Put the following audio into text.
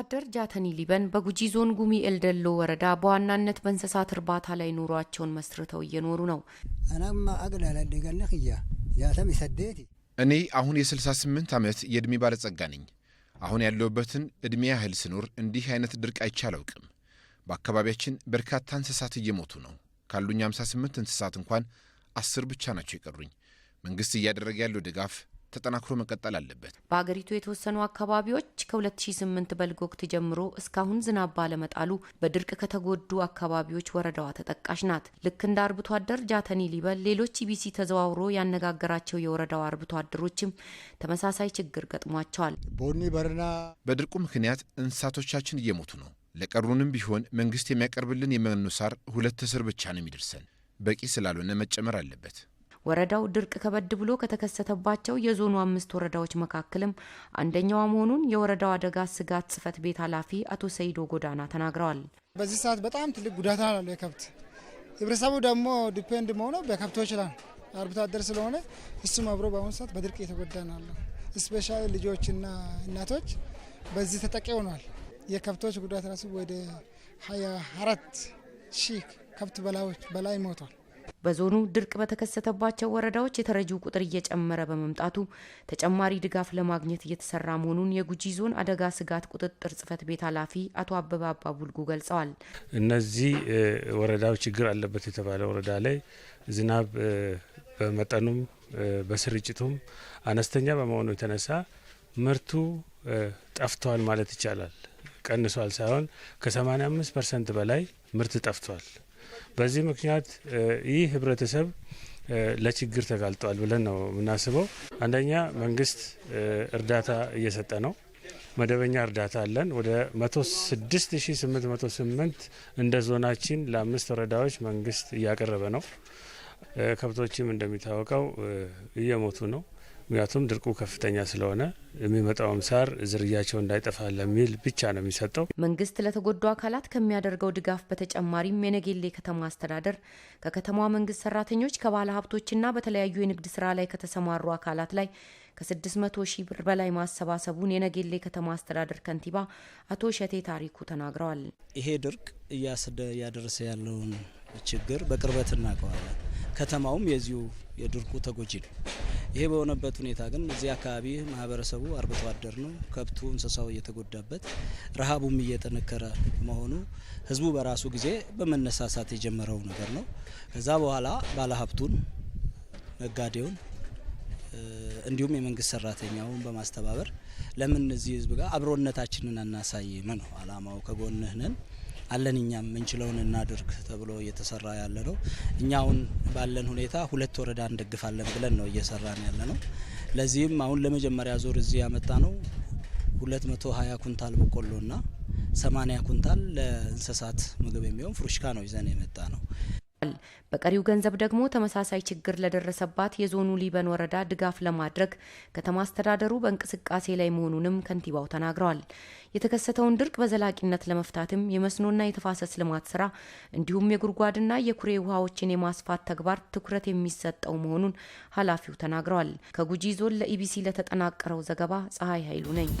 አደር ጃተኒ ሊበን በጉጂ ዞን ጉሚ ኤልደሎ ወረዳ በዋናነት በእንስሳት እርባታ ላይ ኑሯቸውን መስርተው እየኖሩ ነው። እኔ አሁን የ68 ዓመት የዕድሜ ባለጸጋ ነኝ። አሁን ያለሁበትን ዕድሜ ያህል ስኖር እንዲህ አይነት ድርቅ አይቼ አላውቅም። በአካባቢያችን በርካታ እንስሳት እየሞቱ ነው። ካሉኝ 58 እንስሳት እንኳን አስር ብቻ ናቸው የቀሩኝ። መንግሥት እያደረገ ያለው ድጋፍ ተጠናክሮ መቀጠል አለበት። በአገሪቱ የተወሰኑ አካባቢዎች ከ2008 በልግ ወቅት ጀምሮ እስካሁን ዝናብ ባለመጣሉ በድርቅ ከተጎዱ አካባቢዎች ወረዳዋ ተጠቃሽ ናት። ልክ እንደ አርብቶ አደር ጃተኒ ሊበል ሌሎች ኢቢሲ ተዘዋውሮ ያነጋገራቸው የወረዳዋ አርብቶ አደሮችም ተመሳሳይ ችግር ገጥሟቸዋል። ቦኒ በርና በድርቁ ምክንያት እንስሳቶቻችን እየሞቱ ነው። ለቀሩንም ቢሆን መንግስት የሚያቀርብልን የመኖ ሳር ሁለት እስር ብቻ ነው የሚደርሰን። በቂ ስላልሆነ መጨመር አለበት። ወረዳው ድርቅ ከበድ ብሎ ከተከሰተባቸው የዞኑ አምስት ወረዳዎች መካከልም አንደኛዋ መሆኑን የወረዳው አደጋ ስጋት ጽፈት ቤት ኃላፊ አቶ ሰይዶ ጎዳና ተናግረዋል። በዚህ ሰዓት በጣም ትልቅ ጉዳት አለ የከብት ህብረተሰቡ ደግሞ ዲፔንድ መሆነ በከብቶች ላይ አርብቶ አደር ስለሆነ እሱም አብሮ በአሁኑ ሰዓት በድርቅ የተጎዳ ስፔሻል ልጆችና እናቶች በዚህ ተጠቂ ሆኗል። የከብቶች ጉዳት ራሱ ወደ ሀያ አራት ሺህ ከብት በላይ ሞቷል። በዞኑ ድርቅ በተከሰተባቸው ወረዳዎች የተረጂው ቁጥር እየጨመረ በመምጣቱ ተጨማሪ ድጋፍ ለማግኘት እየተሰራ መሆኑን የጉጂ ዞን አደጋ ስጋት ቁጥጥር ጽህፈት ቤት ኃላፊ አቶ አበባ ቡልጉ ገልጸዋል። እነዚህ ወረዳዎች ችግር አለበት የተባለ ወረዳ ላይ ዝናብ በመጠኑም በስርጭቱም አነስተኛ በመሆኑ የተነሳ ምርቱ ጠፍቷል ማለት ይቻላል። ቀንሷል ሳይሆን ከ85 ፐርሰንት በላይ ምርት ጠፍቷል። በዚህ ምክንያት ይህ ህብረተሰብ ለችግር ተጋልጧል ብለን ነው የምናስበው። አንደኛ መንግስት እርዳታ እየሰጠ ነው። መደበኛ እርዳታ አለን። ወደ 16808 እንደ ዞናችን ለአምስት ወረዳዎች መንግስት እያቀረበ ነው። ከብቶችም እንደሚታወቀው እየሞቱ ነው። ምክንያቱም ድርቁ ከፍተኛ ስለሆነ የሚመጣውም ሳር ዝርያቸው እንዳይጠፋ ለሚል ብቻ ነው የሚሰጠው። መንግስት ለተጎዱ አካላት ከሚያደርገው ድጋፍ በተጨማሪም የነጌሌ ከተማ አስተዳደር ከከተማዋ መንግስት ሰራተኞች ከባለ ሀብቶችና በተለያዩ የንግድ ስራ ላይ ከተሰማሩ አካላት ላይ ከ600 ሺህ ብር በላይ ማሰባሰቡን የነጌሌ ከተማ አስተዳደር ከንቲባ አቶ ሸቴ ታሪኩ ተናግረዋል። ይሄ ድርቅ እያደረሰ ያለውን ችግር በቅርበት እናውቀዋለን። ከተማውም የዚሁ የድርቁ ተጎጂ ነው። ይሄ በሆነበት ሁኔታ ግን እዚህ አካባቢ ማህበረሰቡ አርብቶ አደር ነው። ከብቱ እንስሳው እየተጎዳበት ረሃቡም እየጠነከረ መሆኑ ህዝቡ በራሱ ጊዜ በመነሳሳት የጀመረው ነገር ነው። ከዛ በኋላ ባለሀብቱን፣ ነጋዴውን እንዲሁም የመንግስት ሰራተኛውን በማስተባበር ለምን እዚህ ህዝብ ጋር አብሮነታችንን አናሳይም ነው አላማው። ከጎንህ ነን አለን እኛም ምንችለውን እናድርግ ተብሎ እየተሰራ ያለ ነው። እኛ አሁን ባለን ሁኔታ ሁለት ወረዳ እንደግፋለን ብለን ነው እየሰራን ያለ ነው። ለዚህም አሁን ለመጀመሪያ ዙር እዚህ ያመጣ ነው 220 ኩንታል በቆሎና 80 ኩንታል ለእንስሳት ምግብ የሚሆን ፍሩሽካ ነው ይዘን የመጣ ነው። አስታውቋል። በቀሪው ገንዘብ ደግሞ ተመሳሳይ ችግር ለደረሰባት የዞኑ ሊበን ወረዳ ድጋፍ ለማድረግ ከተማ አስተዳደሩ በእንቅስቃሴ ላይ መሆኑንም ከንቲባው ተናግረዋል። የተከሰተውን ድርቅ በዘላቂነት ለመፍታትም የመስኖና የተፋሰስ ልማት ስራ እንዲሁም የጉድጓድና የኩሬ ውሃዎችን የማስፋት ተግባር ትኩረት የሚሰጠው መሆኑን ኃላፊው ተናግረዋል። ከጉጂ ዞን ለኢቢሲ ለተጠናቀረው ዘገባ ፀሐይ ኃይሉ ነኝ።